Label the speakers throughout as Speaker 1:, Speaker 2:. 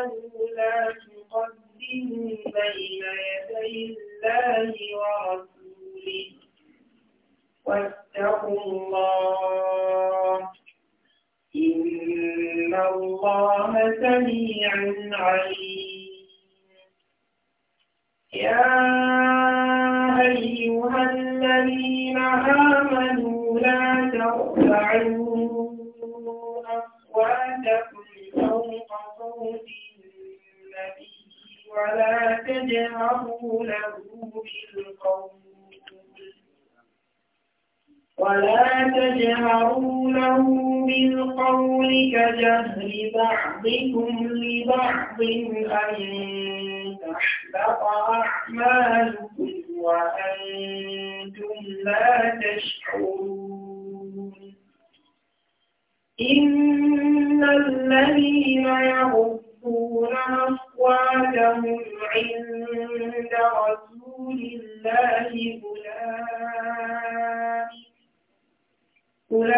Speaker 1: الله فاستكبروا بالقول كجهل بعضكم لبعض أن تحبط أعمالكم وأنتم لا تشعرون إن الذين يغضون أصواتهم عند رسول الله أولئك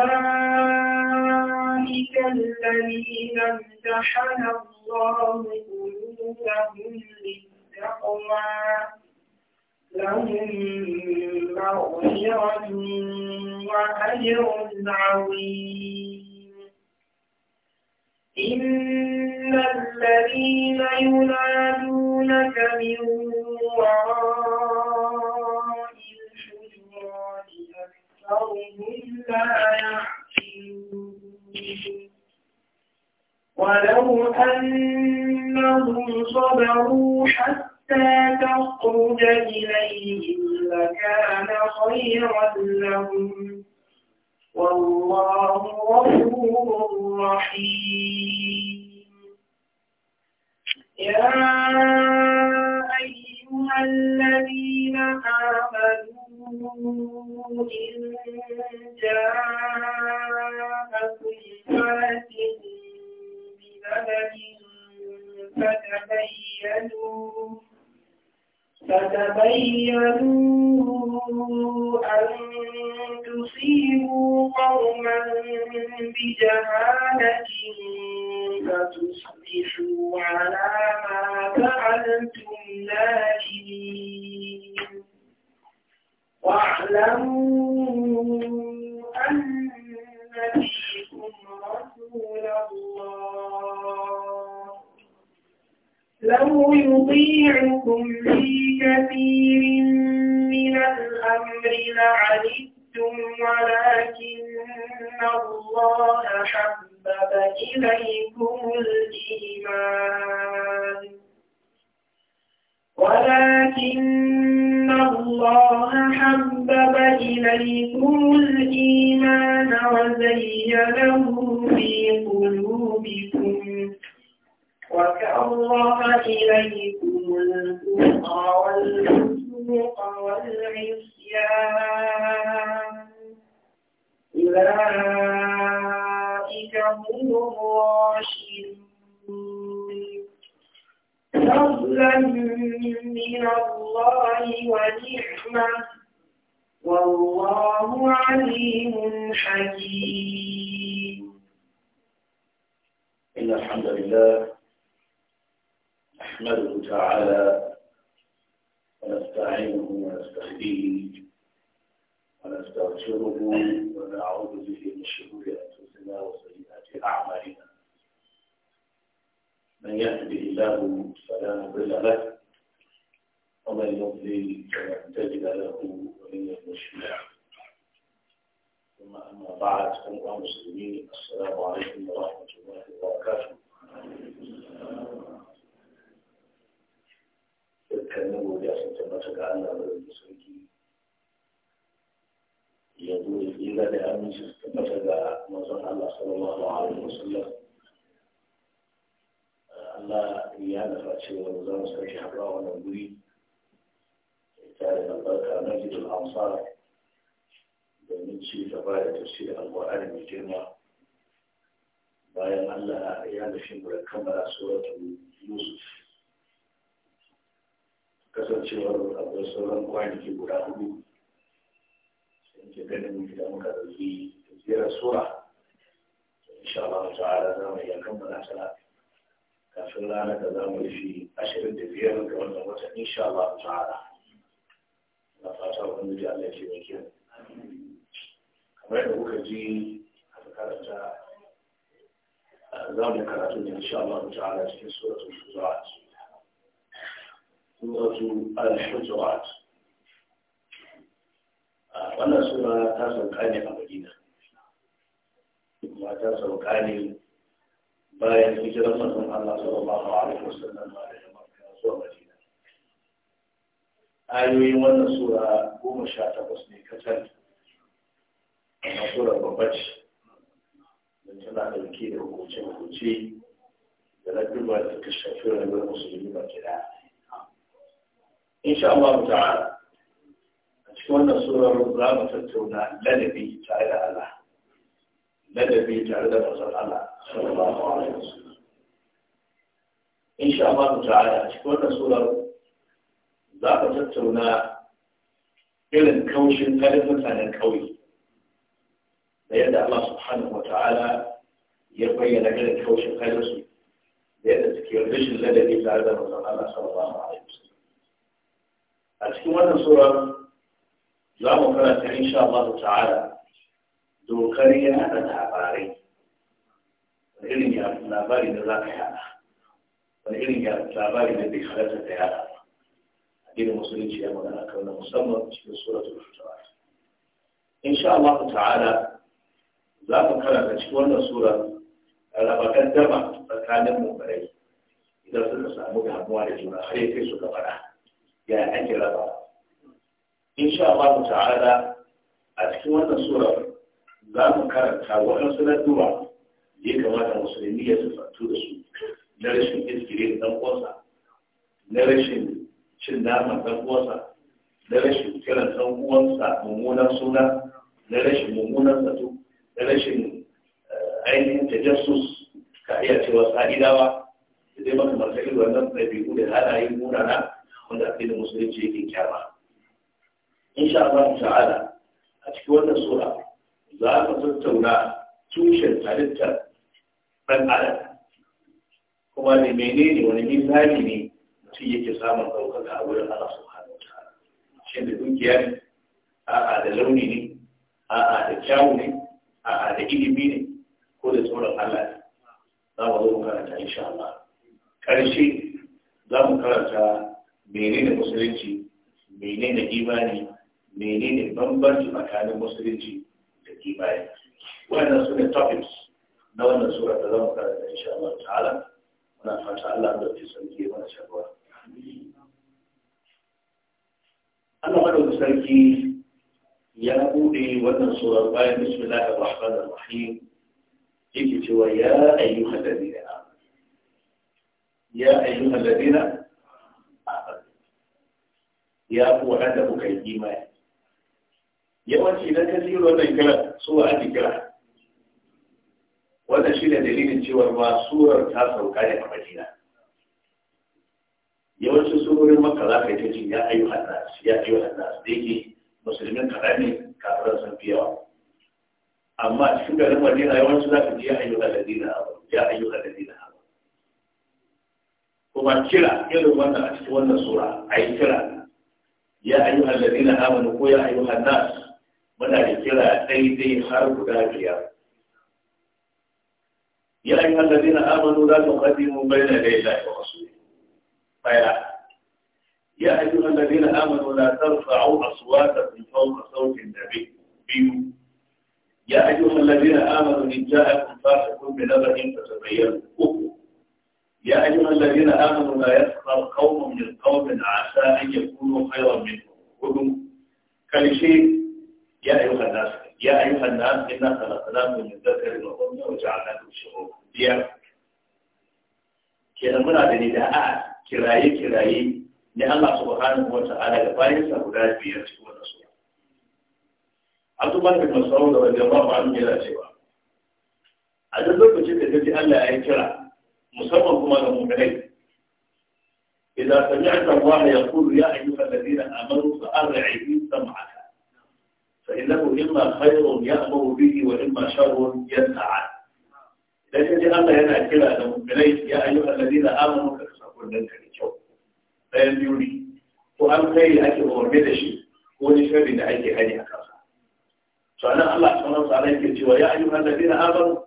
Speaker 1: الذين امتحن الله قلوبهم للتقوى لهم مغفرة وأجر عظيم إن الذين ينادونك من وراء ولو أنهم صبروا حتى تخرج إليهم لكان خيرا لهم والله غفور رحيم يا أيها الذين آمنوا إن جاءكم فاتن بنبأ فتبينوا فتبينوا أن تصيبوا قوما بجهالة فتصبحوا على ما فعلتم نادمين واعلموا أن فيكم رسول الله لو يطيعكم في كثير من الأمر لعنتم ولكن الله حبب إليكم الإيمان ولكن الله حبب إليكم الإيمان وزينه في قلوبكم وكره إليكم الكفر والفسوق والعصيان أولئك هم الراشدون فضلا من الله ونعمة والله عليم حكيم
Speaker 2: إن الحمد لله نحمده تعالى ونستعينه ونستهديه ونستغفره ونعوذ به من شرور أنفسنا وسيئات أعمالنا من يهده الله فلا مضل له ومن يضلل فلن تجد له وليا مرشدا ثم اما بعد ايها المسلمين السلام عليكم ورحمه الله وبركاته dukkanin godiya sun tabbata ga Allah da rubu sarki ya zo da tsira da aminci su tabbata ga manzon Allah sallallahu alaihi wasallam Allah ya nufa cewa za mu sake haɗuwa wannan guri ta da barka na gidan amsar domin ci gaba da tafsir alƙur'ani mai girma bayan Allah ya nufi mu da kammala suratul Yusuf kasancewar abin sauran kwanaki guda hudu sun ke ganin da muka ɗauki tafsirar sura insha Allah ta'ala za mu iya kammala ta kafin rana da za mu fi ashirin da biyar ga wannan wata insha Allah ta'ala na fata wani da Allah ce mai kyau kamar da kuka ji a karanta za mu karatu ne insha Allah ta'ala cikin suratul hujurat suratul al-hujurat wannan sura ta sauka ne a Madina kuma ta sauka ne bayan hijirar manzon Allah sallallahu alaihi wasallam daga Makka zuwa Madina ayoyin wannan sura goma sha takwas ne kacal a sura babba ce don tana ɗauke da hukunce-hukunce da na duba da ta shafi rayuwar musulmi ba ke da insha Allah ta'ala a cikin wannan sura za mu tattauna ladabi tare da Allah ladabi tare da manzon Allah sallallahu alaihi wasallam insha Allah ta'ala cikin wannan surar za ka tattauna irin kaushin kalin mutanen kauye da yadda Allah subhanahu wa ta'ala ya bayyana irin kaushin kalin su da yadda suke rashin ladabi tare da manzon Allah sallallahu alaihi wasallam a cikin wannan surar za mu karanta insha Allah ta'ala dokar yana da labarai wani irin ya labari da za ka yada wani irin ya labari da bai halatta da yada addinin musulunci ya magana kan na musamman cikin suratul fitawa insha Allah ta'ala za ka karanta cikin wannan sura rabakan dama tsakanin mubarai idan suka samu damuwa da juna har ya kai su gabara ya ake raba insha Allah ta'ala a cikin wannan sura za mu karanta waɗansu na duba ya kamata musulmi ya sifatu da su na rashin iskire da ɗan uwansa na rashin cin naman ɗan uwansa na rashin kiran ɗan uwansa mummunan suna na rashin mummunan zato na rashin eh, ainihin tajassus ka iya cewa sa'idawa da dai makamanta irin wannan ɗabi'u da halayen munana wanda da musulunci yake kyama. in sha Allah ta'ala a cikin wannan sura za ka tattauna tushen halittar ɗan adam kuma ne ne wani mizani ne mutum yake samun ɗaukaka a wurin Allah su wa ta shin da dukiya ne a'a da launi ne a'a da kyawu ne a'a da ilimi ne ko da tsoron Allah ne za mu zo mu karanta insha Allah karshe za mu karanta menene musulunci menene imani menene bambanci tsakanin musulunci الإيمان وإن نزول التوبيس نو نزول التلام إن شاء الله تعالى وإن شاء الله عبد في سنكي وإن شاء الله أنا أقول بسنكي يا أولي وإن نزول الرباين بسم الله الرحمن الرحيم إيكي توا يا أيها الذين يا أيها الذين يا أبو عدم كيديما يا وانتي لا تزيل ولا يكلم suwa a kira wannan shi ne dalilin cewar ma surar ta sauka ne a madina yawancin sururin maka za ka yi ta ce ya ayyu hannas ya ayyu su da yake musulmin karami kafin kafiran sun fi yawa amma cikin garin madina yawancin za ka ji ya ayyu dina ya ayyu dina kuma kira irin wannan a cikin wannan sura a yi kira ya ayyuhan ladina amanu ko ya ayyuhan nas muna da kira daidai har guda biyar ya yi hallabi na amanu za ta kwafi mun bai da daidai da wasu baya ya yi hallabi na amanu za ta rufa'au a suwa ta fifau a sautin da biyu ya yi hallabi na amanu ni ja a kun fasa kun bi nazarin ta tabayyar uku ya yi hallabi na amanu na ya tsakar kaunin min kaunin a sa an yi kuno kaiwa min hudu karshe يا أيها الناس يا أيها الناس إنا خلقناكم من ذكر وأنثى وجعلناكم شعوبا kenan muna da nida'a kiraye-kiraye ne Allah subhanahu wa ta'ala da bayansa guda biyar cikin wannan sura. Abdullah bin Mas'ud da wajen ba ba yana cewa a duk lokacin da kaji Allah ya kira musamman kuma ga إذا سمعت الله يقول يا أيها الذين آمنوا فأرعبوا سمعك فإنه إما خير يأمر به وإما شر ينهى عنه. لكن أن هنا كلا المؤمنين يا أيها الذين آمنوا كسبوا لك الجو. فإن يولي وأن خير أكل ومدشي ونشرب دعيك هذه أكل. فأنا الله سبحانه وتعالى يقول يا أيها الذين آمنوا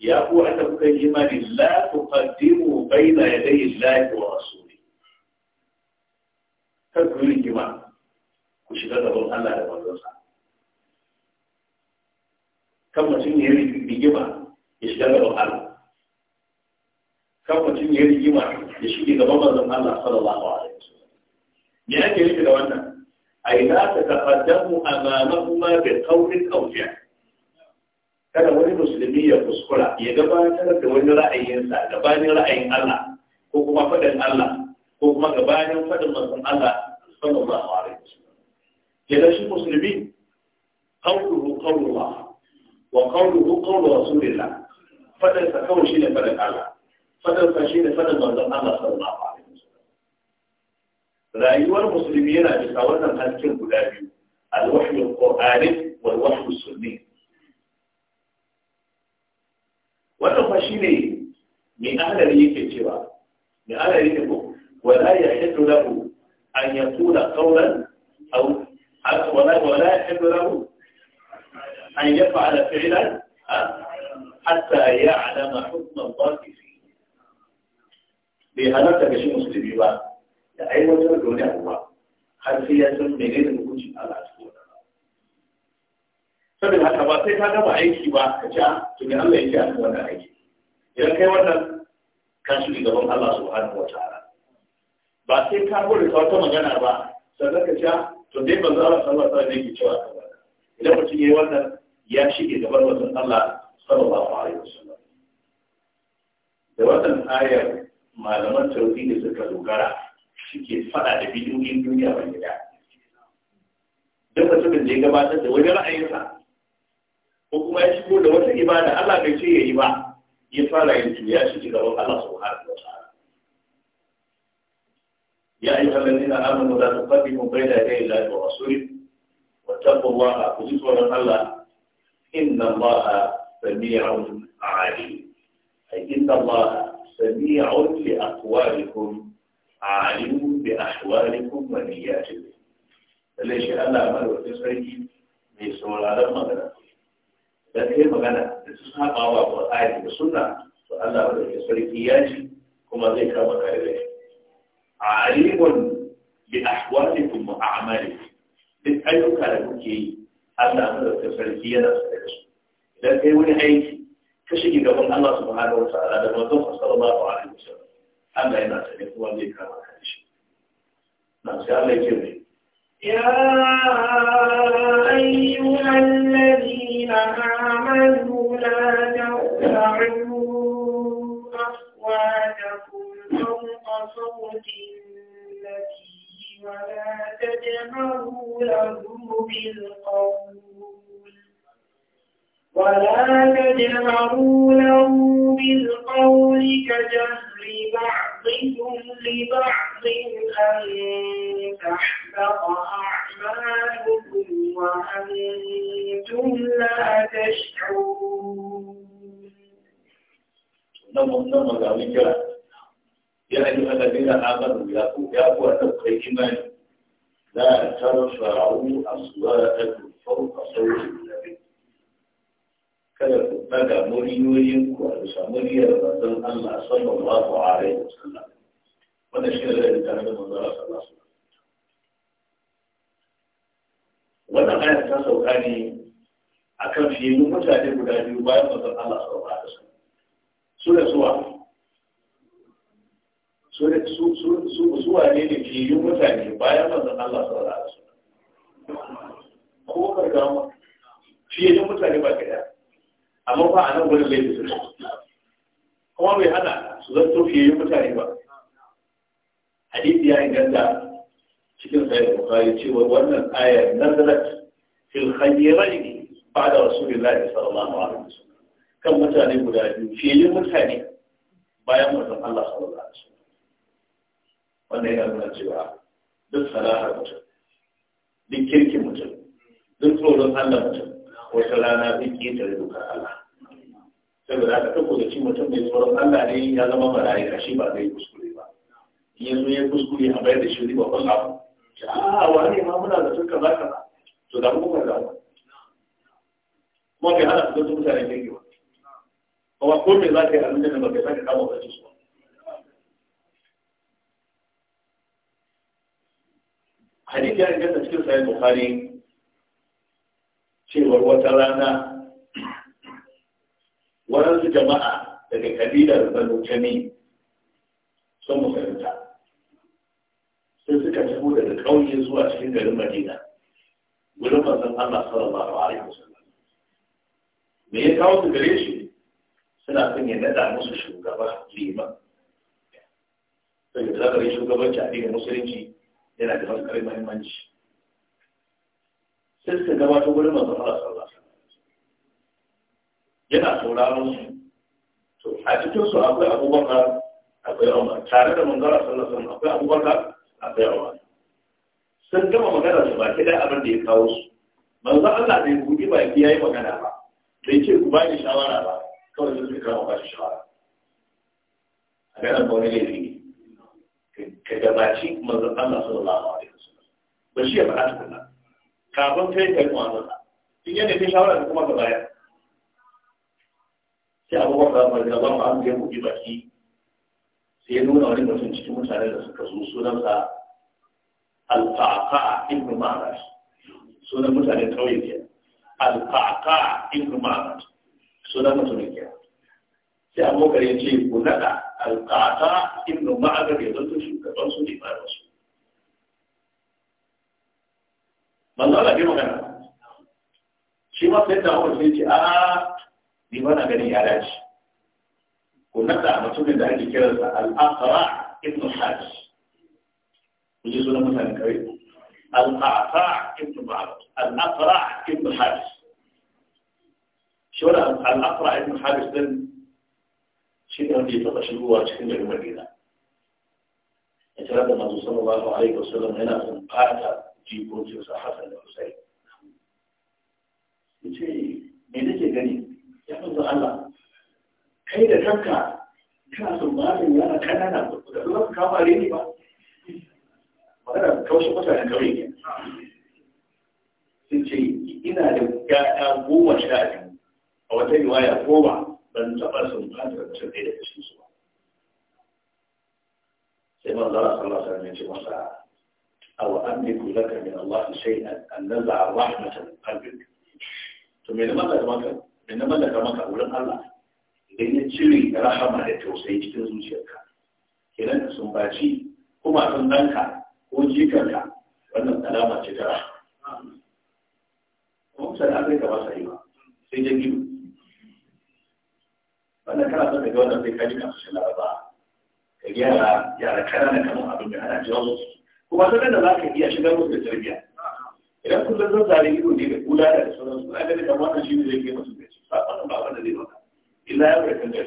Speaker 2: يا أبو عند كلمة لا تقدموا بين يدي الله ورسوله. تقول الجماعة. وشكرا لكم الله يبارك kan mutum ya rigima ya shiga gaban Allah kan mutum ya rigima ya shiga gaban manzon Allah sallallahu alaihi wasallam me ake nufi da wannan ai la tataqaddamu amamahuma bi qawlin aw fi'l kada wani musulmi ya kuskura ya gabatar da wani ra'ayinsa gabanin ra'ayin Allah ko kuma faɗin Allah ko kuma gabanin faɗin manzon Allah sallallahu alaihi wasallam kenan shi musulmi qawluhu qawlullah وقوله قول رسول الله فتن فكون شيء فلك على فتن فشين فلن من ذا الله صلى الله عليه وسلم رأيوا المسلمين بسوانا هالكين قلابي الوحي القرآني والوحي السني وأنه فشين من أهل ريك الجرى من أهل ريك ولا يحل له أن يقول قولا أو ولا ولا يحل له أن يفعل فعلا حتى يعلم حكم الله فيه بهذا كشيء مسلمي با لأي وجه دون هو har sai ya san على hukuncin Allah a cikin saboda haka ba sai ka gama aiki ba ka ci to ne Allah yake a cikin wannan aiki idan kai wannan kan shi gaban Allah subhanahu wa ta'ala ba sai ka gode ta wata magana ba sannan ka ci to dai ba za a san ne cewa ka ba idan mutum wannan ya shige gaban wajen Allah sallallahu alaihi wasallam da wannan ayar malaman tauhidi da suka dogara suke fada da bidiyoyin duniya ba gida duk mutumin da ya gabatar da wani ra'ayinsa ko kuma ya shigo da wata ibada Allah bai ce ya yi ba ya fara yin ya shige gaban Allah har Ya yi subhanahu wa faɗi mun أيها الذين آمنوا لا تقدموا بين يدي الله ورسوله ku الله tsoron Allah. إن الله سميع عليم أي إن الله سميع لأقوالكم عليم بأحوالكم ونياتكم فليش أنا أمر وتسعي من سؤال هذا المغنى لكن المغنى لتسعى قوة وآية بسنة فألا أمر وتسعي كياتي كما ذكر مكاربه عليم بأحوالكم وأعمالكم بأيو كاربكي Allah da ta sarki yana da su idan kai wani aiki ka shige gaban Allah subhanahu wa ta'ala da manzon sallallahu alaihi wasallam Allah yana sani kuma zai kama ka shi na sai Allah yake mai
Speaker 1: يا أيها الذين آمنوا لا ترفعوا أصواتكم فوق صوت النبي ولا تجهروا له بالقول ولا تجهروا له بالقول كجهر بعضكم لبعض أن تحبط أعمالكم وأنتم لا تشعرون
Speaker 2: نمو نمو نعم، نعم، نعم، يا أيها الذين آمنوا يا قوة الإيمان لا ترفعوا أصواتكم فوق صوتكم kada ku daga a bisa muryar bazan Allah sallallahu alaihi wanda shi ne da tare da manzara sallallahu alaihi wannan ayat ta sauka ne akan fiye mutane guda biyu bayan bazan Allah sallallahu alaihi su da suwa su wane ne fiye mutane bayan manzan Allah saurara su ko karga fiye mutane ba ka amma ba a nan gudun laifi su kuma bai hana su zanto fiye mutane ba hadisi ya inganta cikin sayar bukari cewa wannan ayar nazarat fil khayyirai ba da wasu rasulullahi sallallahu alaihi wasallam kan mutane guda biyu fiye mutane bayan mutum Allah sallallahu alaihi wasallam wannan yana nuna cewa duk salahar mutum duk kirkin mutum duk tsoron Allah mutum wata rana zai ƙetare dokar Allah saboda haka duk da mutum mai tsoron Allah ne ya zama mala'ika shi ba zai kuskure ba yanzu ya kuskure a bayar da shi riba ban abu a wani ma muna da tun kaza kaza to da mu kaza kuma kai hana su mutane kirki ba kuma ko me za ka yi abin da ba kai saka kama ba su hadisi ya inganta cikin sahih bukhari cewar wata rana waɗansu jama'a daga kabilar banu jami sun musulunta sun suka tafi daga ƙauye zuwa cikin garin madina wurin manzon Allah sallallahu alaihi wasallam me ya kawo su gare shi suna son ya nada musu shugaba liman sai da zakarin shugabanci a musulunci yana da matuƙar muhimmanci sai suka gabato wurin mazan Allah sallallahu alaihi yana sauraron su to a cikin su akwai abubakar akwai umar tare da manzon Allah sallallahu alaihi akwai abubakar akwai umar sun gama magana su ba kida abin da ya kawo su manzon Allah bai ba ya yi magana ba bai ce ku bani shawara ba kawai sun kira bashi shawara a ga ba wani laifi ka gabaci manzon Allah sallallahu alaihi wasallam ba shi ya faɗa tukunna kafin kai kai mu'amala in yadda kai shawara da kuma ka baya. sai abubuwan da ba da zama an kai kuɗi baki sai ya nuna wani mutum cikin mutanen da suka zo sunansa alfaqa ibn Su sunan mutanen kauye ke alfaqa ibn ma'raj sunan mutumin ke sai abokan ya ce ku naɗa alfaqa ibn ma'arar ya zanto shugaban su ne ba su manzo Allah bai magana shi ma sai da Umar sai ce a ni ba na gani ya dace ko na da mutumin da ake kiransa al-Aqra ibn Hajj kuje sunan mutanen kawai القعقاع ابن معبد الأقرع ابن حارس شو الأقرع ابن حارس ده شيء عندي تبشر هو شيء من المدينة يتردد النبي صلى الله عليه وسلم هنا في القاعدة 几乎就是二十多岁，你去，你那些人，你全部都安了，开着车看，你看什么？你看那长长的，我都说说话给你吧，我那个口说不出来的，有一点，就是，因为那个家有五万块钱，我这一万五万，百分之二十，我这绝对有损失的，希望大家少说两句，希望大家。أو أملك لك من الله شيئا أن نزع رحمة من قلبك to me na mallaka maka maka wurin Allah idan ya rahama da tausayi cikin zuciyarka kenan ka sumbaci ko matan danka ko jikarka wannan alama ce ta rahama ko sai an kai ka ba sai ba sai ya biyu wannan son wannan ka gyara yara kanana kamar abin kuma sanar da za ka iya shigar musu da tarbiyya idan kullum zan zare ido ne da kula da sauran su aka da wannan shi ne zai kai musu gaci sakon ba wanda zai maka illa ya kai kanka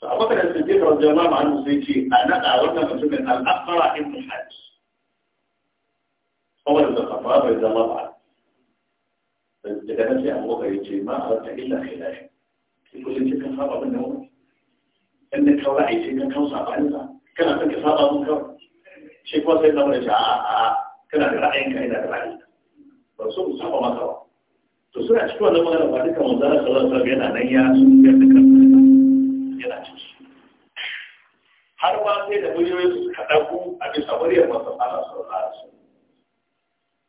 Speaker 2: to a baka da sun je kawai jama'a ma hannu sai ce a naɗa wannan mutumin al'akara ibn hajj kawai da kafa bai zama ba daga nan sai abubakar ya ce ma a wata illa kai lafi sai kullum cikin saba abin da wani ɗan da kawai a yi sai kan kawo sabanin sa kana son ka saba mun kawai shi kuma sai zama da shi a kana da ra'ayin ka ina da ra'ayi ba so mu saba maka ba to suna cikin wannan magana ba duka mun zara sallallahu alaihi wasallam yana nan ya ya duka yana ci har ma sai da muryoyin su suka dauko a bisa muryar masu Allah sallallahu alaihi wasallam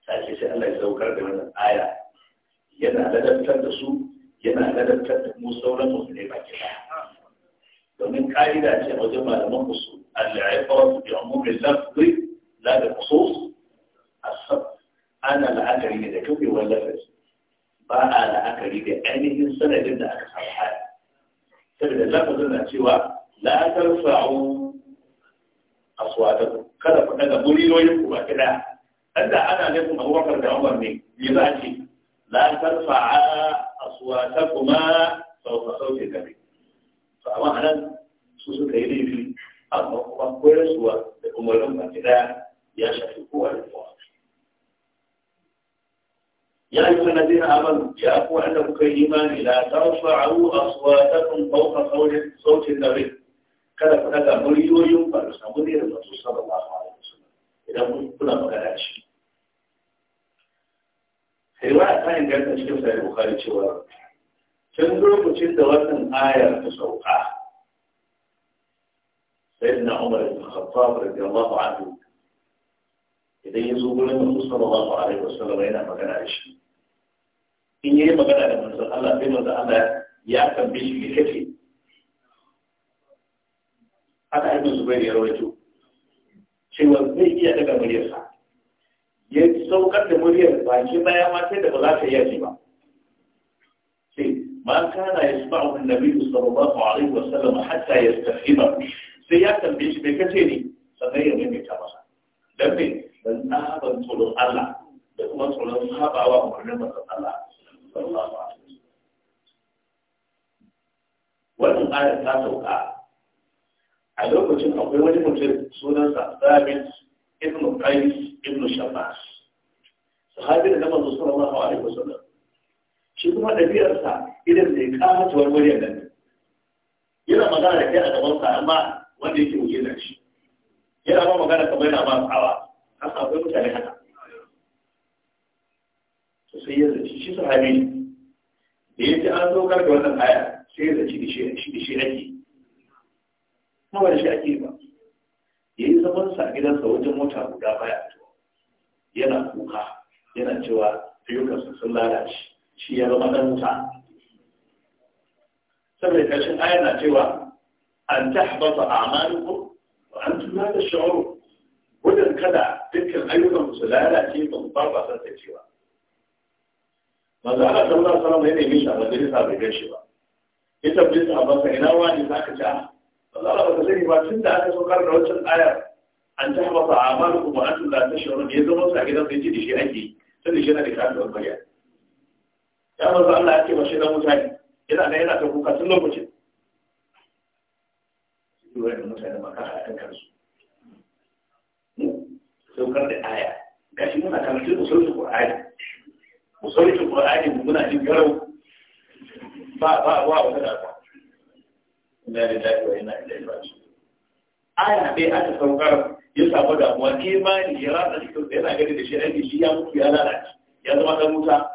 Speaker 2: sai sai Allah ya saukar da wannan aya yana ladabtar da su yana ladabtar da mu sauran musulmai baki daya ومن قاعدة أن مجمع المنقص العبرة عموم اللفظ لا بخصوص الصدق أنا العكري إذا كبي هو اللفظ بقى العكري بأني إنسان لدينا أكثر حال تبدأ اللفظ لنا سوى لا ترفعوا أصواتكم كذا كنا نقول له يقوى كذا أنت أنا لكم هو وقر بعمر مين لذاتي لا ترفع أصواتكما فوق صوت النبي amma a nan su suka yi laifi amma kuma koyarsuwa da umarnin baki daya ya shafi kowa da kowa ya yi wani zina aman ya ku wanda kuka yi imani la tarfa'u aswatakum fawqa sawti sauti nabi kada ku daga muryoyin ku da samu ne da mutum sallallahu alaihi wasallam idan kuna magana shi sai wa ta inganta cikin sahih bukhari cewa tun lokacin da wannan ayar ta sauka sai na umar ibn khattab radiyallahu anhu idan ya zo gurin manzo sallallahu alaihi wasallam yana magana da shi in yayi magana da manzo Allah sai manzo Allah ya tambaye shi me kake haka ibn zubair ya rawaito cewa zai iya daga muryarsa ya saukar da muryar baki bayan ma sai da ba za ta iya ji ba ما كان يسمعه النبي صلى الله عليه وسلم حتى يستفهمه سياسة بيش بكتيري سنية من كمسا لكن بل نهابا طول الله بقوة طول الصحابة ومعلمة الله صلى الله عليه وسلم wannan aya لا توقع a lokacin akwai wani mutum ثابت sa قيس ibn Qais ibn Shabbas صلى الله عليه وسلم shi kuma ɗabi'arsa idan mai ƙatuwar muryar nan yana magana da ke a gaban sa, amma wanda yake wuce da shi yana ba magana kamar yana ba tsawa an akwai mutane haka to sai ya zaci shi sahabi da ya an zo da wannan aya sai ya zaci da shi da shi ake kuma da shi ake ba ya yi zaman sa gidansa wajen mota guda baya yana kuka yana cewa ayyukansa sun lalace shi ya zama dan wuta saboda kashin aya na cewa an tahbata a'malukum wa antum la tash'urun wajen kada dukkan ayyukan su lalace ba ku farfa san ta cewa manzo Allah sallallahu alaihi wasallam ya nemi shi a majalisa bai gan shi ba ya tabbi sa ba ina wani zaka ci a manzo Allah ba sani ba tunda aka saukar da wancan ayar an tahbata a'malukum wa antum la tash'urun ya zama sa gidan sai ji da shi ake sai shi na da kafin bayani ya zo Allah ya ce mashi dan mutane yana da yana ta kuka tun lokacin lura da mutane ba kasa kan Mu saukar da aya gashi muna karatun usulul qur'ani usulul mu muna jin garau ba ba ba wata da ba ina da wa inna ilaihi raji'un aya dai aka saukar ya samu damuwa imani ya rasa cikin yana gani da shi aiki shi ya mutu ya lalace ya zama ɗan wuta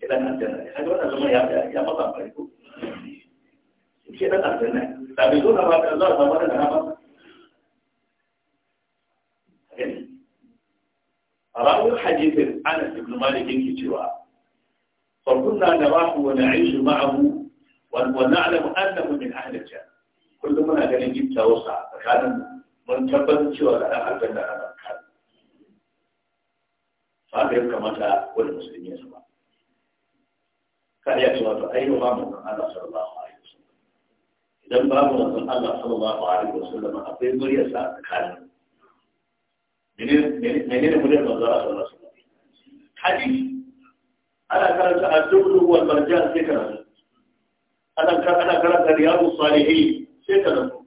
Speaker 2: shedan aljanna kaga wannan zama ya ya masa amfani ko shedan aljanna da bai zo na ba da za a samu da na ba راوي حديث أنس بن مالك كتيرا فكنا نراه ونعيش معه ونعلم أنه من أهل الجنة كل من أجل يجيب توسع فكان من تبدو شوى لنا الجنة أنا كان ba ka yi kamata wani musulmi ya zama kada ya ce ba mu kan Allah sallallahu alaihi idan babu Allah sallallahu alaihi wasallam akwai sa tsakanin menene sallallahu alaihi wasallam hadisi ana karanta wal marjan sai karanta ana ana karanta riyadus salihin sai karanta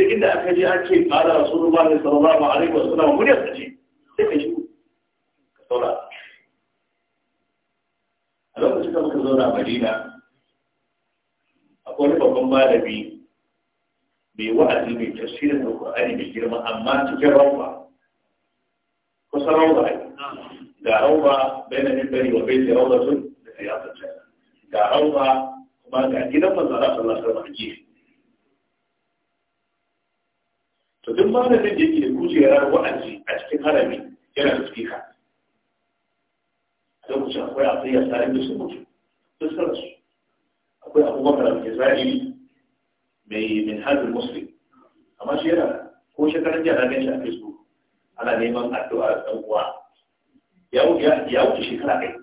Speaker 2: duk inda aka je ake fara rasulullahi sallallahu alaihi wasallam sai ka shi saura a lokacin da muka zauna madina akwai wani babban malami mai wa'azi mai tafsirin alkur'ani mai girma amma cikin rauba kusa rauba ne ga rauba bai na mimbari wa bai da rauba sun da siyasar ga rauba kuma ga gidan manzara sallallahu alaihi wasallam ke to duk malamin da yake da kujerar wa'azi a cikin harami yana da العقلية السالمة للسموش بالسرس أقول أبو بكر الجزائي من من هذا المصري أما شيء لا هو شكرا جدا لكن شاء فيسبوك على نيمة الدعاء الأبواء ياو يا ياو تشكرا كي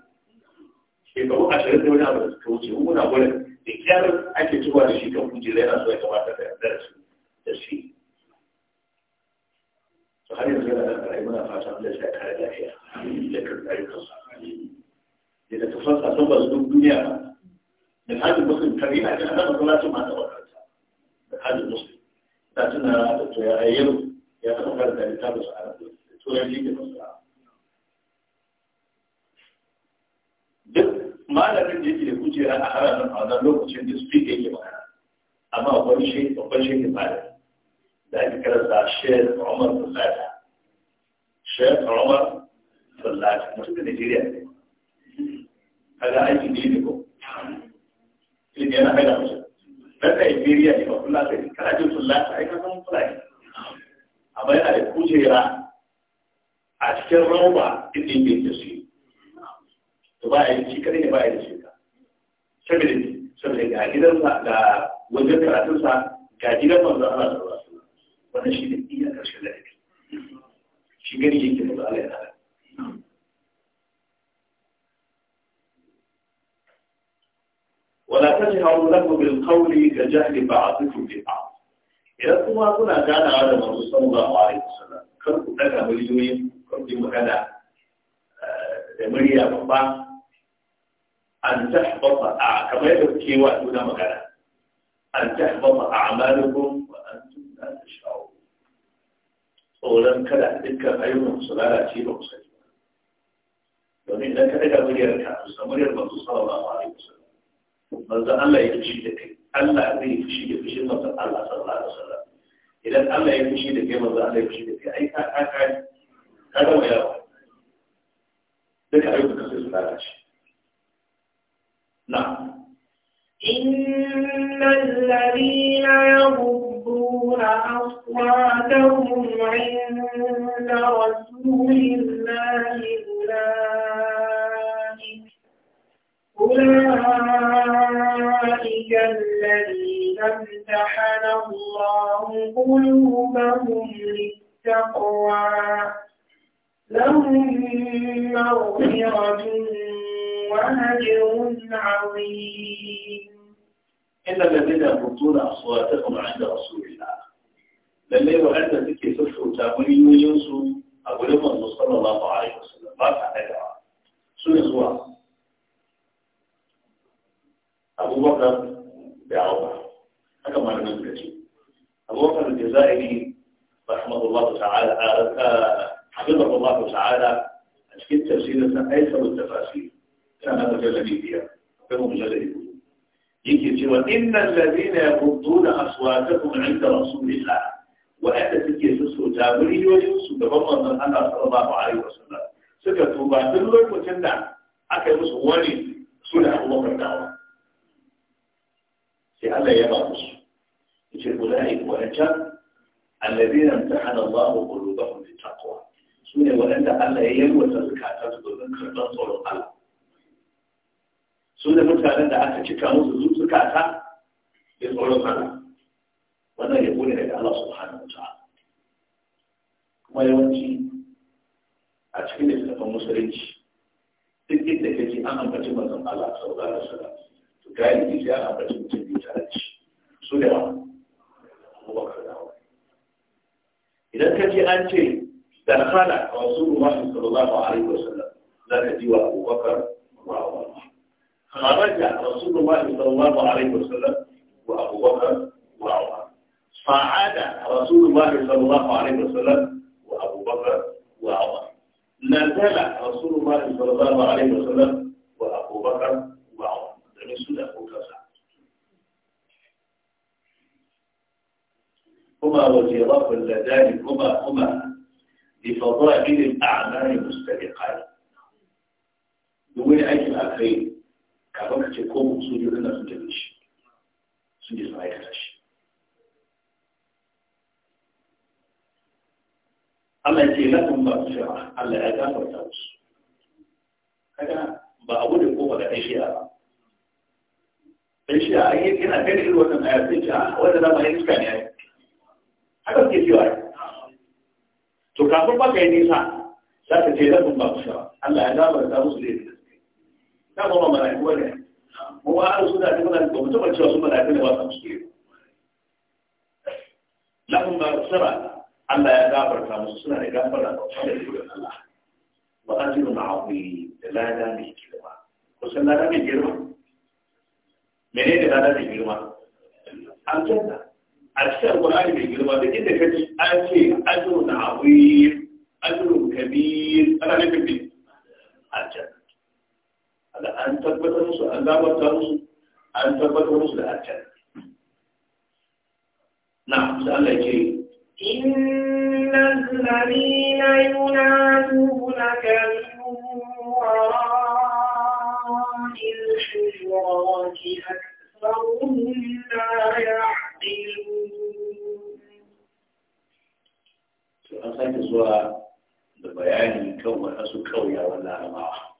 Speaker 2: يبقى هو عشرة دولة أبدا كوزي هو أنا أقول إكتر أكيد شو هذا الشيء كم تجي لنا سوي كم هذا في الدرس تسفي فهذه الرسالة أنا أقول لك أنا فاشل لسه كذا هي لكن أيها الصالحين da da tafasa sun ba su duniya ba da hajji muslim kari a kan hada masallacin masu wakarta da hajji muslim ta tuna da to ya yau ya taɓa karanta littafin su a rabu da turanci da fasaha duk malamin da yake da kujera a haramin a wannan lokacin da speak yake magana amma wani shi babban shi ne malami da ake karanta shek umar sallata shek umar sallata mutum da nigeria ne kaga aiki ne ne ko ilimi yana da musu dan ka ibiriya ne ba kula ka kana jin sulla ta ka san kula ne amma yana da kujera a cikin roba inda yake da shi to ba ai shi ne ba da shi ka saboda saboda ga sa ga wajen karatun sa, ga gidan manzo Allah sallallahu alaihi wasallam wannan shi ne iya karshen da shi gari yake da Allah ya ولا تجهروا له بالقول كجهل بعضكم لبعض إذا كما كنا كان على من صلى الله عليه وسلم كم كنت مليونين كم كنت مكدا آه، مريا بابا أن تحبط كما يقول كيوا كنا مكدا أن تحبط أعمالكم وأنتم لا تشعرون أولا كلا تلك أيضا يعني صلى الله عليه وسلم يعني إذا كنت مريا كان مريا صلى الله عليه وسلم manzo Allah ya fushi da kai Allah zai fushi da fushin manzo Allah sallallahu alaihi wasallam idan Allah ya fushi da kai manzo Allah ya fushi da kai ai ka ka ka ka ga mai yawa duka ayyuka sai su lalace na
Speaker 1: إن الذين يغضون أصواتهم عند رسول الله أولئك أولئك الذين امتحن الله قلوبهم للتقوى لهم مغفرة وأجر عظيم
Speaker 2: إن الذين يغضون أصواتهم عند رسول الله lallai waɗanda suke sassauta muryoyinsu a gurin manzo sallallahu alaihi wasallam ba ta ɗagawa su ne zuwa abubakar da awa haka malamin suka ce abubakar da za'iri rahimahullah ta'ala hafizahullah ta'ala a cikin tafsirin sa aisaru tafasi, yana da mujallali biyar akwai mujallali biyu yake cewa innal ladina yaqudduna aswatakum 'inda rasulillah wa'anda suke sassauta muryoyin su gaban manzon Allah sallallahu alaihi wasallam suka tuba duk lokacin da aka yi musu wani suna Abubakar dawa sai Allah ya ba musu yace ulai wadancan alladhina imtahana Allahu qulubahum littaqwa sune wadanda Allah ya yalwata zakata su domin karban tsoron Allah sune mutanen da aka cika musu zuciyata da tsoron Allah wannan ya bude daga Allah subhanahu wa kuma yawanci a cikin littattafan musulunci duk inda kaji an ambaci manzon Allah sallallahu alaihi wasallam galibi sai ana faɗin mutum biyu tare da shi su da abubakar da hawa idan ka ce an ce dakhala rasulullahi sallallahu alaihi wasallam za ka ji wa abubakar wa hawa خرج رسول الله صلى الله عليه وسلم وابو بكر وعمر صعد wa الله wa الله عليه وسلم وابو a wasu نزل رسول الله صلى الله عليه وسلم wa بكر هما وزيراك اللذان هما هما بفضائل الأعمال المستبقات. نقول أجل أخير كبك تكون سوجي لنا في الجيش. سوجي صلى الله عليه وسلم أما تي لكم مغفرة على أداء والتوصل هذا ما أقول لكم ولا أي sai shi a yi yana gani irin wannan ayar sai ce a wanda zama ya iska ne ya yi haka ke cewa to kafin ba ka yi nisa za ka ce zafin ba ku Allah ya zama da musu da ya fi ta ba ma mala'iku ba ne mu ba a suna da mala'iku ba mutum cewa su mala'iku ne ba su suke lafin ba ku Allah ya da gafarta musu suna da gafara da wanda ya yi Allah ba a jiru ma'awi da lada mai girma kusan lada mai girma mene ne rana mai girma aljanna a cikin alkur'ani mai girma da inda kaji an ce ajrun azim ajrun kabir ana nufin ne aljanna ala an tabbatar musu an labarta musu an tabbatar musu da aljanna Na sai Allah ya ce
Speaker 1: إن الذين ينادونك من وراء التوراة
Speaker 2: an zuwa da bayani kan waɗansu ƙauyawan larabawa.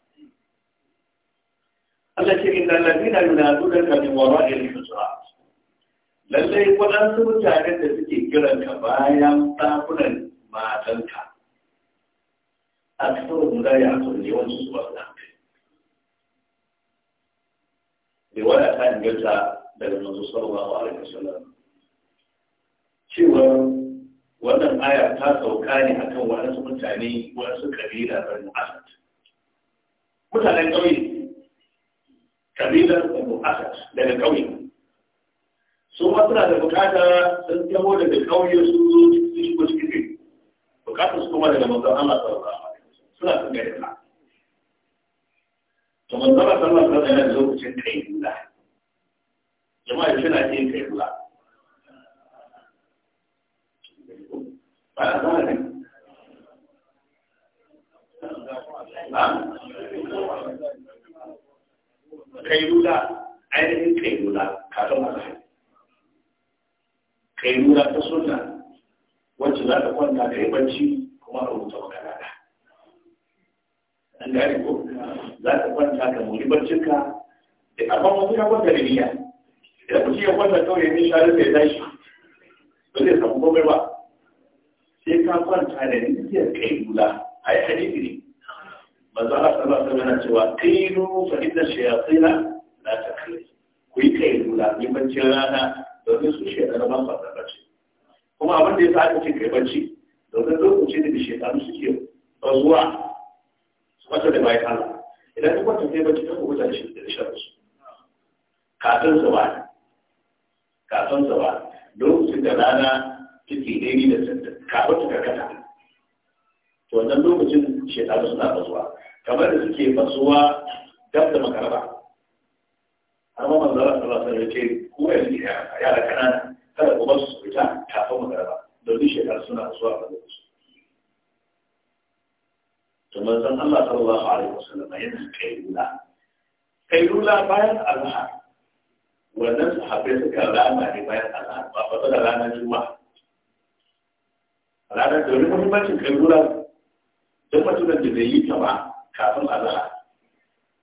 Speaker 2: Allah ce Lallai waɗansu mutanen da suke kiran ka bayan ɗakunan matanka. A kasar mu ya asali yawanci su wasu da wani ta inganta daga manzo sallallahu alaihi wasallam cewa wannan aya ta sauka ne akan waɗansu mutane wasu kabila da asad mutanen ƙauye kabilar banu daga ƙauye su ma suna da bukata sun taho daga ƙauye su zo cikin shigo cikin bukatar su kuma daga manzo Allah sallallahu alaihi wasallam suna kan gaida to manzara zama sallar yana lokacin kai kula jama'a shi na kai kula a kai lula ainihin kai lula kafin kai lula ta suna wacce za ta kwanta da yi kuma a wa kanada an gari ko za ka kwanta ka muri ka. da amma wasu ka kwanta da niyya idan mutum ya kwanta kawai ne nisha da ya tashi ba zai samu komai ba sai ka kwanta da niyyar kai gula a yi hadisi ne manzo Allah sallallahu alaihi wasallam cewa kainu fa inna shayatina la takri ku yi kai gula ni bancin rana domin su shaytan ba sa tabbaci kuma abin da ya sa aka ce kai bacci domin lokacin da shaytan suke zuwa su mata da bayan Allah idan duk wata kai bacci ta kubuta da shi da sharri kafin zuwa kafin zuwa lokacin da rana take daidai da sanda kafin ta karkata to wannan lokacin shekaru suna fasuwa kamar da suke fasuwa dab da makaraba har ma manzo Allah sallallahu alaihi wasallam ya ce ko yara kanana kada ku ba su fita kafin makaraba domin shekaru suna fasuwa a to manzon Allah sallallahu alaihi wasallam yana Kai kailula bayan azhar wannan sahabbai suka rama ne bayan azhar ba fa da ranar juma'a ranar da wani kai kailula duk mutumin da bai yi ta ba kafin azhar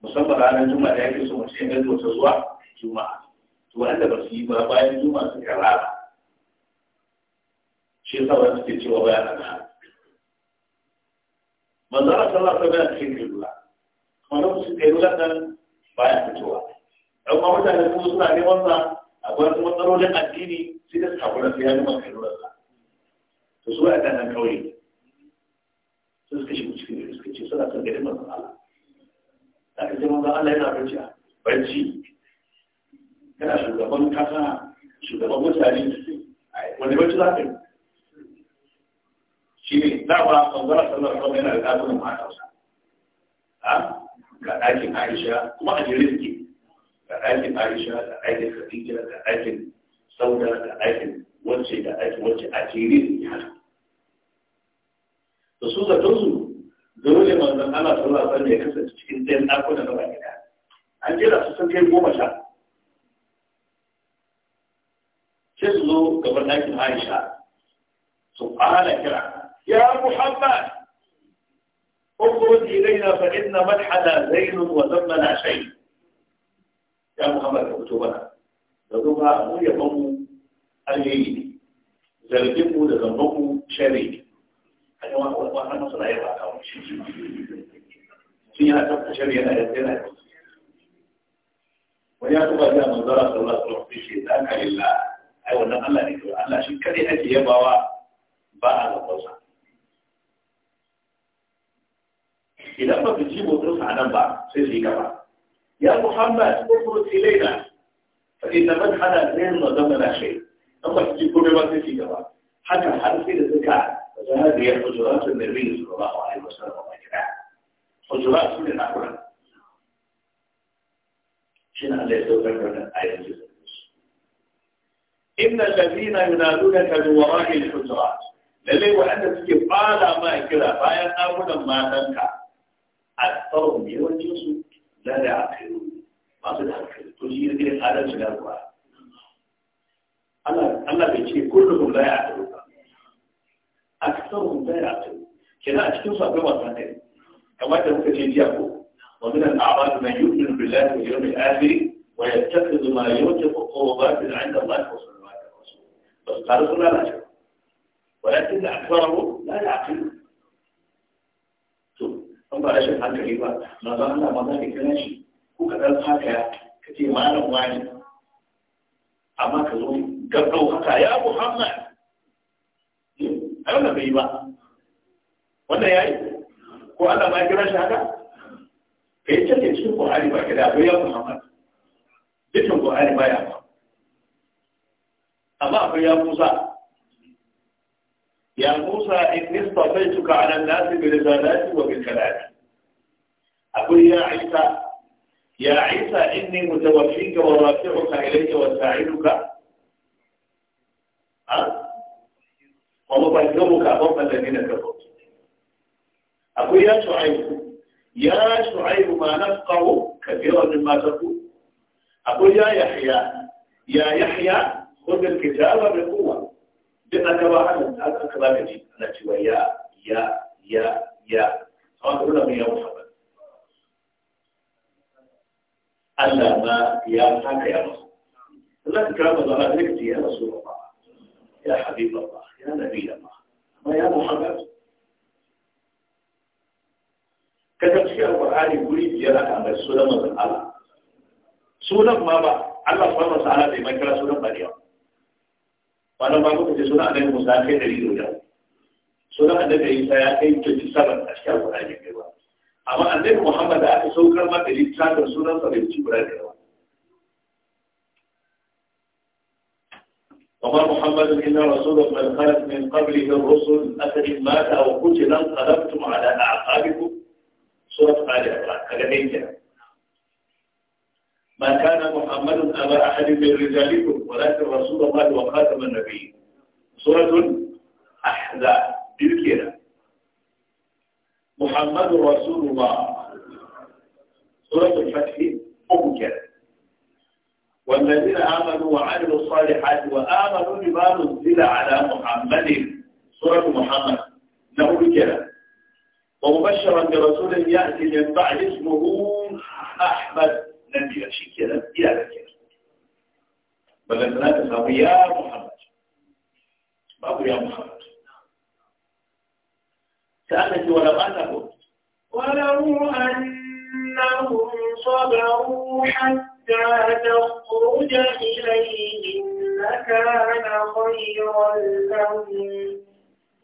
Speaker 2: musamman ranar juma'a da yake so mutum ya wata zuwa juma'a to wanda ba su yi ba bayan juma'a suka rama shi sa wani suke cewa bayan azhar manzara Allah ta bayan wasallam cikin kirula kuma lokacin kirula ɗan bayan fitowa ɗan kuma mutane kuma suna neman sa akwai wasu matsalolin addini sai da sakura sai ya nuna kirula sa to su ya nan kawai su suka shi cikin kirula suka ce suna son gari manzo Allah da ka ce manzo Allah yana barci barci kana shugaban kasa shugaban mutane wani barci za ka yi shi ne dama manzara sallar sallar yana da ɗakunan matarsa a ga ɗakin aisha kuma a jere suke ga ɗakin aisha ga ɗakin khadija ga ɗakin sauda ga ɗakin wacce ga ɗakin wacce a jere suke haka da su zaton su dole manzan ana sallar sallar ya kasance cikin ɗayan ɗakunan na baki ɗaya an jera su sun kai goma sha sai su zo gaban ɗakin aisha su fara kira يا محمد اخرج إلينا فإن منحنا زين وذمنا شيء يا محمد اكتبنا لذلك مو يفهم الجيد زلجمه لذنبه شريك أنا ما مصر أيضا أو شيء فيها تبقى شريعة يدينا ويا تبقى يا من ضرب الله صلى الله عليه وسلم أيوة، أنا لله أي وأن أنا نكره شكري أجي يبوا بعد القصة لما تجيبه على نبع سيسي كبع يا محمد افرد إلينا فإن من حدا زين وزمنا خير أما تجيبوا كل سيسي كبع حتى حرفي الزكاة فهذه الحجرات النبي صلى الله عليه وسلم وما كان حجرات من الأقوال شنا ليس إن الذين ينادونك من وراء الحجرات للي وحدة كفالة ما كذا فايا تابونا ما تنكر أكثرهم يوجد لا يعقلون ما تدعقل تجير كده هذا الجلال الله الله بيجي كلهم لا يعقلون أكثرهم لا يعقلون كده أشكل صعب ما تنقل كما تنقل جيابه ومن الأعراض من يؤمن بالله واليوم الآخر ويتخذ ما يوجب قربات عند الله وصلوات الرسول بس قالوا لا نعقل ولكن أكثرهم لا يعقلون in ba rashin hankali ba na za Allah ma za ka shi ko ka ɗan haka ka ce malam wani amma ka zo gaggau haka ya Muhammad a yau bai yi ba wannan ya yi ko Allah ma ya shi haka ka yi cece cikin Buhari ba ka da akwai ya Muhammad dukkan Buhari ba ya ba amma akwai ya kusa. يا موسى إني اصطفيتك على الناس برسالاتي وبكلامي أقول يا عيسى يا عيسى إني متوفيك ورافعك إليك وساعدك ها ومطهرك أمام الذين كفروا أقول يا شعيب يا شعيب ما نفقه كثيرا مما تقول أقول يا يحيى يا يحيى خذ الكتاب بقوة duk an gaba hannun da aka kaza ka ji ana cewa ya ya ya ya a wata wula mai ya muhammad Allah ma ya haka ya masu Allah ka kama zama zai ka ce ya rasu ba ya habib Allah ya nabi Allah amma ya muhammad ka tafi alƙur'ani guri biyar a kan sunan manzon Allah sunan ma ba Allah subhanahu wa ta'ala bai mai kira sunan Maryam وانا ما قلت في سنة أنه مزاكي تريد له سنة أنه في إنسايا كي تجد سبب أشياء وعاجة كيوا أما أنه محمد آخي سوكر ما تريد سنة سنة صغير جبرا كيوا وما محمد إلا رسول من خلق من قبله الرسل أثر مات أو قتل انقلبتم على أعقابكم سورة قادرة قادرة قادرة ما كان محمد أبا أحد من رجالكم ولكن رسول الله وخاتم النبي سورة أحدى بالكيرة محمد رسول الله سورة الفتح ممكن والذين آمنوا وعملوا الصالحات وآمنوا بما نزل على محمد سورة محمد له بكرة ومبشرا برسول يأتي من بعد اسمه أحمد نبي أشيك يا لك يا لك يا لك يا لك محمد بابو يا محمد سألت ولو أنه
Speaker 1: ولو أنهم صبروا حتى تخرج إليهم لكان خيرا لهم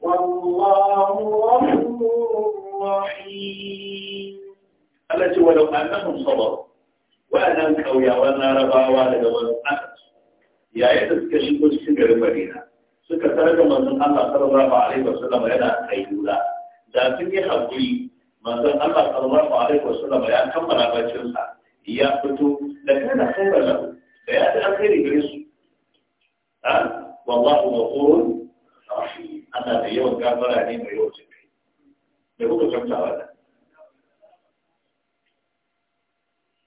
Speaker 1: والله غفور رحيم
Speaker 2: التي ولو أنهم صبروا waɗannan ƙauyawan larabawa daga wani anas yayin da suka shigo cikin garin madina suka targa manzon Allah sallallahu alaihi wasallam yana kayyula da sun yi hakuri manzon Allah sallallahu alaihi wasallam ya kammala bacin sa ya fito da kana khairar lahu da ya ta alkhairi gare su ha wallahu ghafurun rahim Allah da yawan gafara ne mai yawan kai da kuka tantance wannan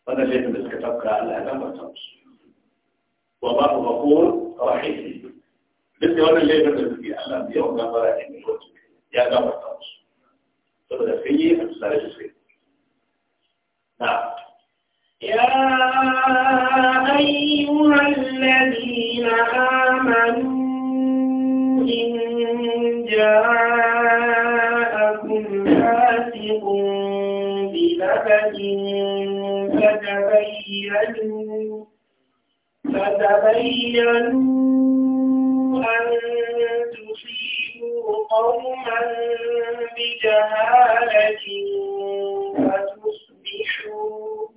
Speaker 2: وهذا شيء بس الكتابك على الأعلام والتمس والله بقول رحيم بس وانا اللي بدي بدي اعلم بيوم ما بقى اني قلت يا دام الطمس تبدا فيي تسالج فيي نعم
Speaker 1: يا ايها الذين امنوا ان جاءكم فتبينوا أن تصيبوا قوما بجهالة فتصبحوا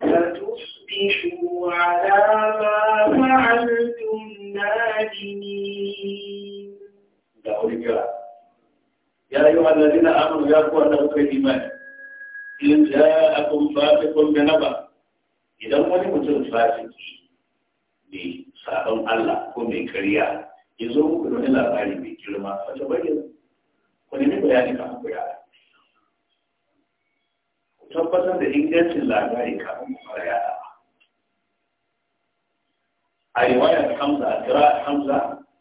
Speaker 1: فتصبحوا على ما فعلتم نادمين.
Speaker 2: يا أيها الذين آمنوا يا أخوة أنكم إيمان إن جاءكم فاسق بنبأ إذا ولم تكن فاسقين mai sabon Allah ko mai kariya ya zo muku da wani labari mai girma wata bayyana wani ne bayani kan kuya ku tabbatar da ingancin labari kafin ku fara yada a riwayar hamza a kira hamza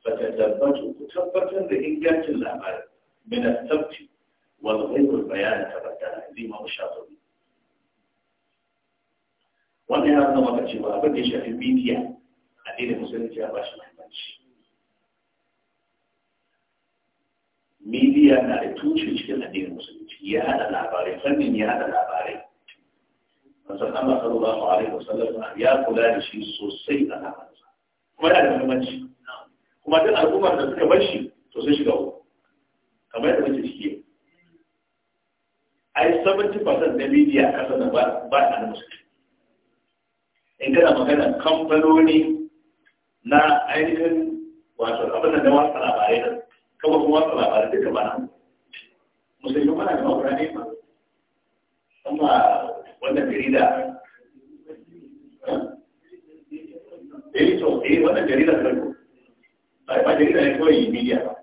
Speaker 2: ba ta tabbatu ku tabbatar da ingancin labari min asabti wal ghaibul bayan tabaddala zai ma shafi wannan ya zama ka cewa abin da ya shafi bidiya addinin musulunci ya bashi muhimmanci midiya na da tushe cikin addinin musulunci ya hada labarai fannin ya hada labarai manzon Allah sallallahu alaihi wasallam ya kula da shi sosai a lamarinsa kuma yana da muhimmanci kuma duk al'ummar da suka bar shi to sun shiga uku kamar yadda muke ciki ai 70% na midiya a kasar da ba a da musulunci in kana magana kamfanoni na ainihin wato abin da wasu labarai da kawai kuma wasu labarai duka ba nan musulmi mana da mawura ne ba amma wannan jarida eh? eh to eh wannan jarida sarko ba ba jarida ne kawai media ba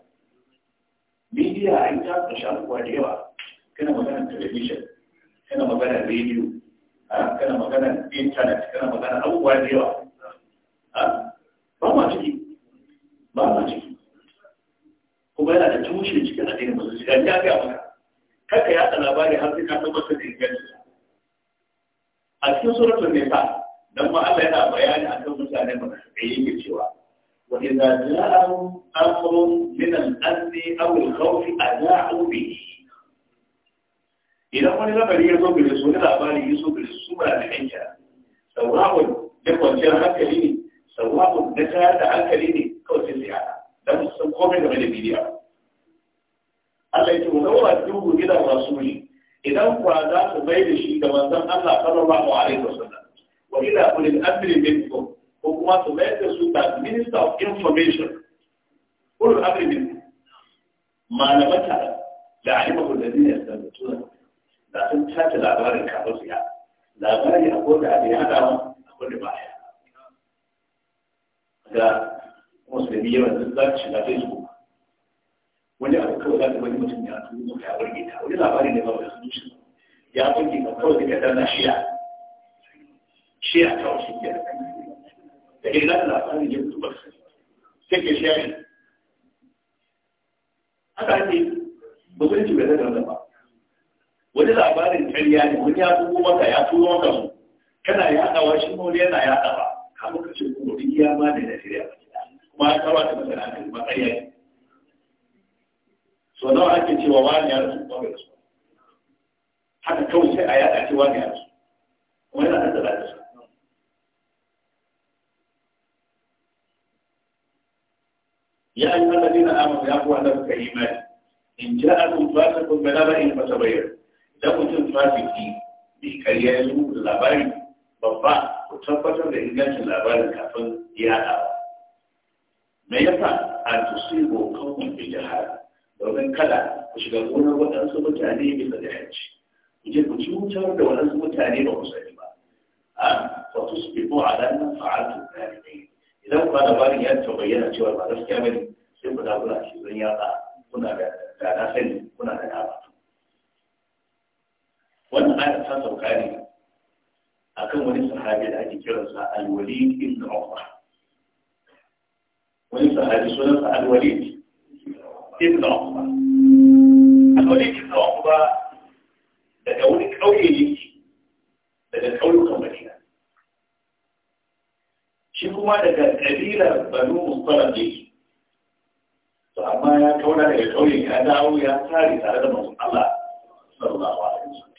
Speaker 2: media an ta ta kuwa da yawa kana magana television kana magana radio ah, kana magana internet kana magana abubuwa da yawa ah, ba ma ciki kuma yana da tushe cikin addinin masu dan ya ga maka kaka ya da ba har sai ka tabbatar da inganci a cikin suratul ba don ma Allah yana bayani akan mutane ba da yake cewa wa idza ja'ahum amrun min al-amni aw al-khawfi adha'u bihi idan wani lamari ya zo gare su wani labari ya zo gare su ba da yanka sawa'un da kwanciyar hankali ne da tayar hankali ne ɗaukin ziyara komai game da bidiya Allah ya ce wani wa dubu gidan rasuli idan kuwa za su bai da shi ga manzon Allah sallallahu alaihi wasallam wa ila ulil amri minkum ko kuma su bai da su da minister of information ulul amri minkum malaman tare da alimahu da zai yasta da tuna da sun tace labarin kafin su ya labari a koda da ya hada akwai da baya ga musulmi yawan zan za ta shiga facebook wani abu kawai za ta wani mutum ya tuzo ya burge ta wani labari ne ba wani sun shi ya burge ka kawai daga dana shiya shiya ta wasu ke da ke da labarin ne mutu ba sai ke shiya ne haka ne musulunci bai zai da zama. wani labarin karya ne wani ya tuzo maka ya tuni maka su kana wa shi ma wani yana ba, kamar ka ce kuma duk ya ma da shirya ba kuma ya taba da masana kan so nawa ake cewa wani ya rasu kuma bai rasu haka kawai sai a yaɗa cewa ya rasu kuma yana da da su يا أيها الذين آمنوا يا أخوة لكم كإيمان إن جاءكم فاسق بنبأ فتبين إذا كنتم فاسقين بكريا يزور الأبائي babba ku tabbatar da ingancin labarin kafin ya haɗawa me yasa a tusibu qawmin bi jahal domin kada ku shiga gonar waɗansu mutane bisa jahilci kuje ku cutar da waɗansu mutane ba ku sani ba a fa tusbihu ala man fa'altu zalimin idan ba da bani ya tabayyana cewa ba gaskiya bane sai ku dakula shi zan yatsa kuna da da na sani kuna da dama wannan ayat ta sauka ne akan wani sahabi da ake kiransa al-walid ibn Uqba وليس هذه السنة الوليد ابن عقبة الوليد ابن عقبة تكون كأوليدي تكون كمكة شوفوا ما لك كبيرة بنو مصطلق فأما يكون هذا الكولي هذا هو يأتاري على دم الله صلى الله عليه وسلم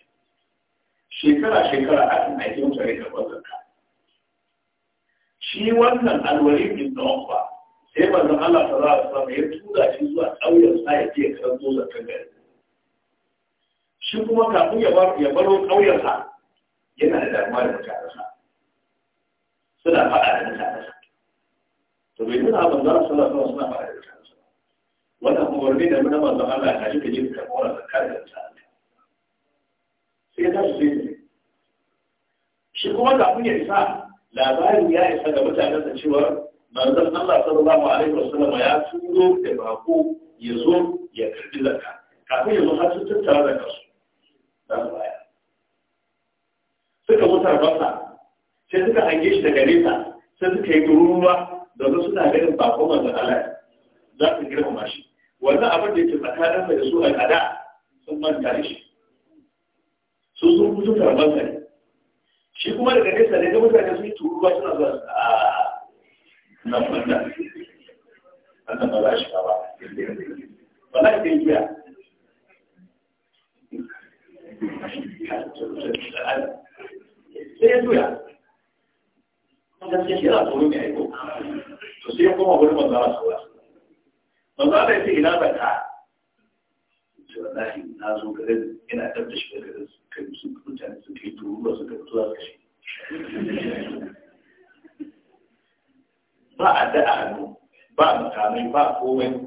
Speaker 2: شكرا شكرا أكي ما يتيهم سريكا وزكا شي وزن الوليد من نوفا sai manzo Allah ta za a ya tura shi zuwa ƙauyen sa ya je karanto zakan gari shi kuma kafin ya bar ya baro ƙauyen sa yana da damuwa da mutanen sa suna faɗa da mutanen sa to bai nuna abin Allah sallallahu alaihi suna faɗa da mutanen sa wannan umarni da na manzo Allah ta shi kaje ka kora zakan da sa sai ta shi shi kuma kafin ya isa labarin ya isa ga mutanen sa cewa manzon Allah sallallahu alaihi wasallam ya turo da bako ya zo ya karbi zakka kafin ya zo har sun tattara da kasu da baya suka mutar basa sai suka hange shi daga nesa sai suka yi ruruwa domin suna ganin bako manzon Allah za su girma shi wannan abin da yake tsakanin da su a al'ada sun manta shi su sun mutu tarbansa shi kuma daga nesa ne ga mutane sun yi turuwa suna zuwa ah, nan wanda Allah ba za shi ba ba iya when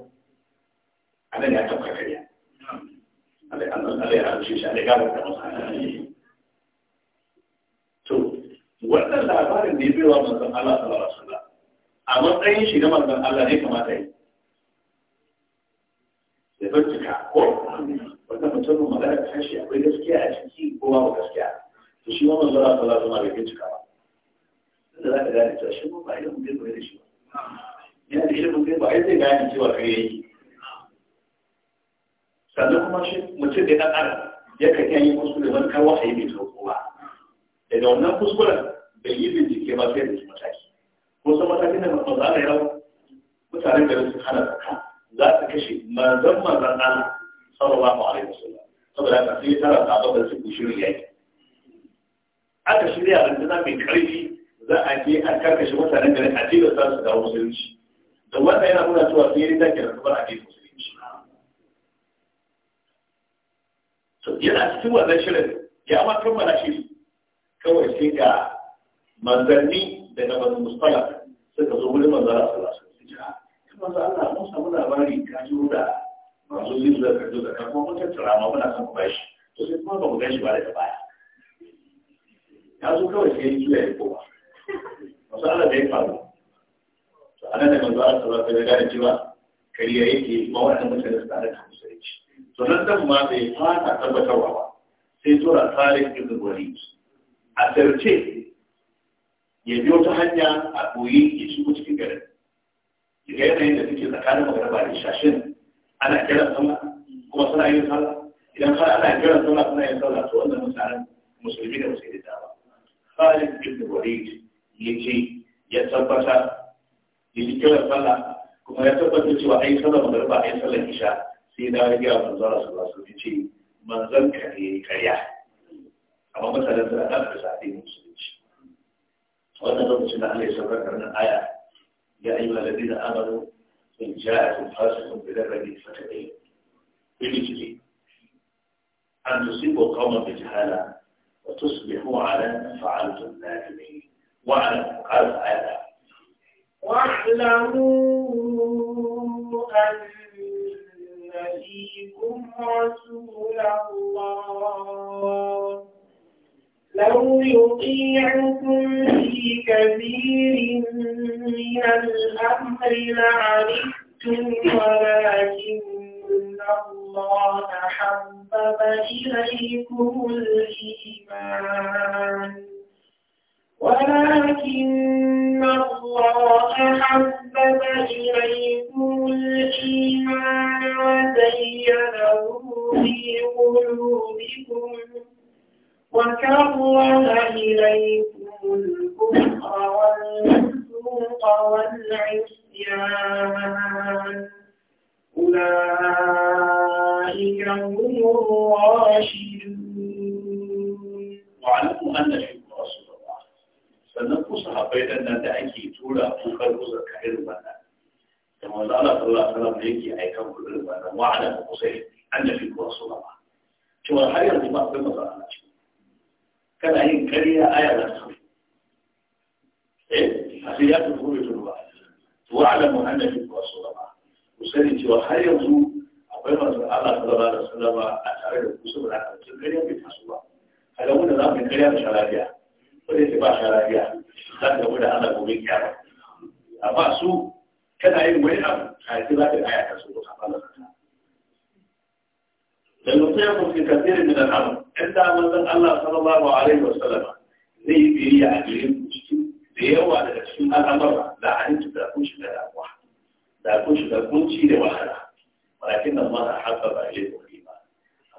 Speaker 2: sai na bani musfala suka zo wurin manzo Allah sallallahu alaihi wasallam ah, manzo Allah mun samu labari ka ji da masu yin da ka ji da kuma ma muna to sai kuma ba mu ba baya ya zo kawai sai manzo Allah faru to anan manzo Allah sallallahu alaihi wasallam ya kariya yake ma wannan mutane su tare da musulunci to nan dan ma bai fata tabbatarwa ba sai tura Salih ibn Walid a tarce ya biyo ta hanya a koyi ya shigo cikin garin daga yanayin da suke tsakanin magaraba da shashin ana kiran sama kuma suna yin sallah idan har ana kiran sallah suna yin sallah to wannan mutanen musulmi da musulmi da ba Khalid bin Walid ya ce ya tabbata ya ji kiran sallah kuma ya tabbata cewa ai sallah magaraba ai sallah isha sai da ya ga manzo Allah sallallahu alaihi wasallam ce manzon ka ne kariya amma mutanen da aka sa dai musulmi wannan lokacin da Allah ya saukar da wannan aya ya ayyuhal ladina amanu in ja'akum fasiqun bi nabiyyin fatabayyanu bilijli an tusibu qauman bi jahala wa tusbihu ala ma fa'altum nadimin wa ala qalb ayata
Speaker 1: واعلموا أن فيكم رسول الله لو يطيعكم في كثير من الأمر لعرفتم ولكن الله حبب إليكم الإيمان ولكن الله حبب إليكم الإيمان وزينه في قلوبكم وكره إليكم الكفر والفسوق والعصيان أولئك هم الراشدون
Speaker 2: وعلموا أن شكر رسول الله sannan ku sahabbai dan nan da ake tura ku karɓo zakka irin wannan kamar da Allah sallallahu alaihi wasallam yake aikan ku irin wannan wa'ada ku sai annabi ku rasulullah cewa har yanzu ba akwai matsala kana yin kariya aya za ta eh a sai ya ta kore ta ruwa to alamu annabi wa sallama ku sani cewa har yanzu akwai masu Allah sallallahu alaihi wasallam a tare da ku saboda haka sun kariya bai taso ba kaga wanda za mu kariya da sharafiya ko da ba sharafiya za ka da Allah gobe kiyama amma su kana yin wani abu a yi za ka aya ta so ka fara da ta dan mutum ya kuma kafir min al-amr Yan da zan Allah sallallahu alaihi wasallam zai yi biyayya a gare ku cikin da yawa daga cikin al'amura da halittu da kun shiga damuwa da kun shiga kunci da wahala walakin nan ma a haka ba ya yi ba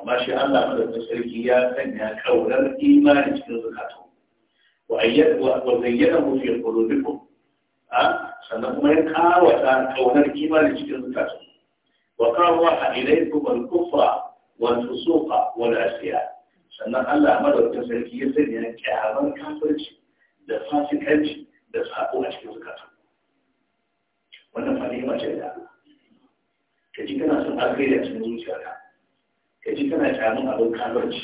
Speaker 2: amma shi Allah madaukakin sarki ya sanya kaunar imani cikin zakatu wa ayyadu wa zayyanahu fi qulubikum a sannan kuma ya kawata kaunar imani cikin zakatu wa kawo a ilaikum al-kufra wal fusuqa wal asiyah sannan Allah madaukakin sarki ya sanya kyaban kafirci da fasikanci da sako a cikin zukata wannan fahimta ce da ka ji kana son alkhairi a cikin zuciyarka ka ji kana kyamun abin kafirci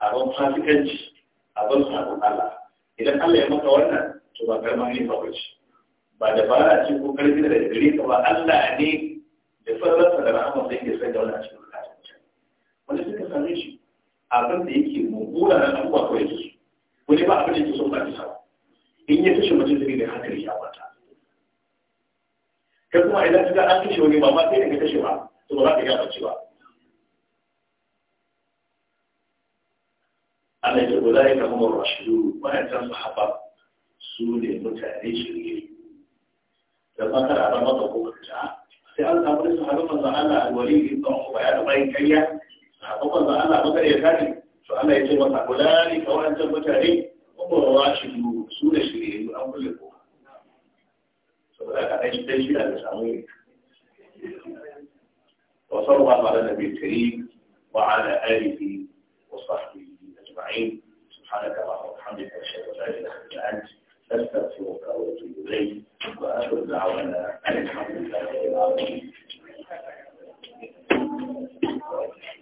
Speaker 2: abin fasikanci abin sakon Allah idan Allah ya maka wannan to ba karma ne ba da ba dabara ce ko karfi da gare ka ba Allah ne da sa da rahama sai ke sai da wannan cikin zukata Wani suka same shi abin da yake mummuna na abubuwa kawai da su wani ba abin da yake son ba bisa in ya kashe mutum zai da hankali ya wata kai kuma idan ka an kashe wani ba ma sai da ka kashe ba to ba za ka gaba cewa Allah ya gula ya kama rashidu wayancan sahaba su ne mutane shirye da ba makara ba maka ko ta sai an samu da sahabban manzo Allah alwali ibn Ubayy da bayan kariya sakon da Allah maka ya kare to Allah ya ce masa ulani ka wancan mutane umar rashidu su da shirye an kulle ko saboda ka dai dai shi da samu wa sallallahu ala nabiyyi karim wa ala alihi wa sahbihi ajma'in سبحانك اللهم وبحمدك اشهد ان لا اله الا انت استغفرك واتوب اليك واخر دعوانا ان الحمد لله رب العالمين